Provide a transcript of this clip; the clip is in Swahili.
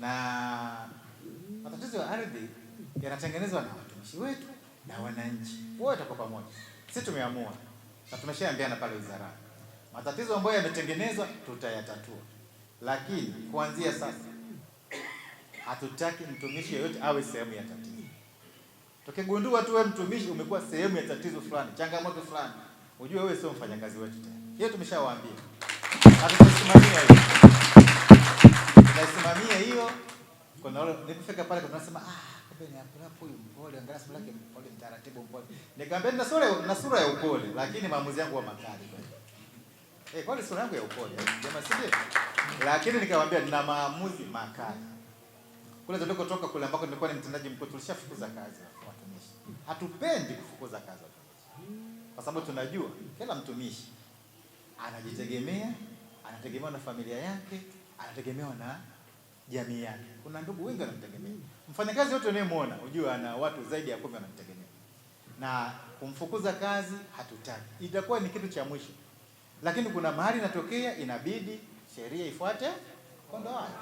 na matatizo ya ardhi yanatengenezwa na watumishi wetu na wananchi wote kwa pamoja. Sisi tumeamua na tumeshaambiana pale wizarani, matatizo ambayo yametengenezwa tutayatatua, lakini kuanzia sasa hatutaki mtumishi yeyote awe sehemu ya tatizo. Tukigundua tu wewe mtumishi umekuwa sehemu ya tatizo fulani, changamoto fulani, ujue wewe sio mfanyakazi wetu tena. Hiyo tumeshawaambia, hatutasimamia hiyo. nilipofika pale kuna nasema ah, kumbe ni hapo huyu mpole, angalia sura yake mpole, mtaratibu mpole. Nikamwambia nina sura na sura ya upole, lakini maamuzi yangu wa makali kweli. Eh, kwani sura yangu ya upole jamaa, si Lakini nikamwambia nina maamuzi makali. Kule tulikotoka kule ambako nilikuwa ni mtendaji mkuu, tulishafukuza kazi watumishi. Hatupendi kufukuza kazi watumishi, kwa sababu tunajua kila mtumishi anajitegemea, anategemewa na familia yake, anategemewa na jamii yake. Kuna ndugu wengi wanamtegemea. Mfanyakazi yote unayemwona ujue ana watu zaidi ya kumi wanamtegemea, na kumfukuza kazi hatutaki, itakuwa ni kitu cha mwisho, lakini kuna mahali inatokea, inabidi sheria ifuate kondoo.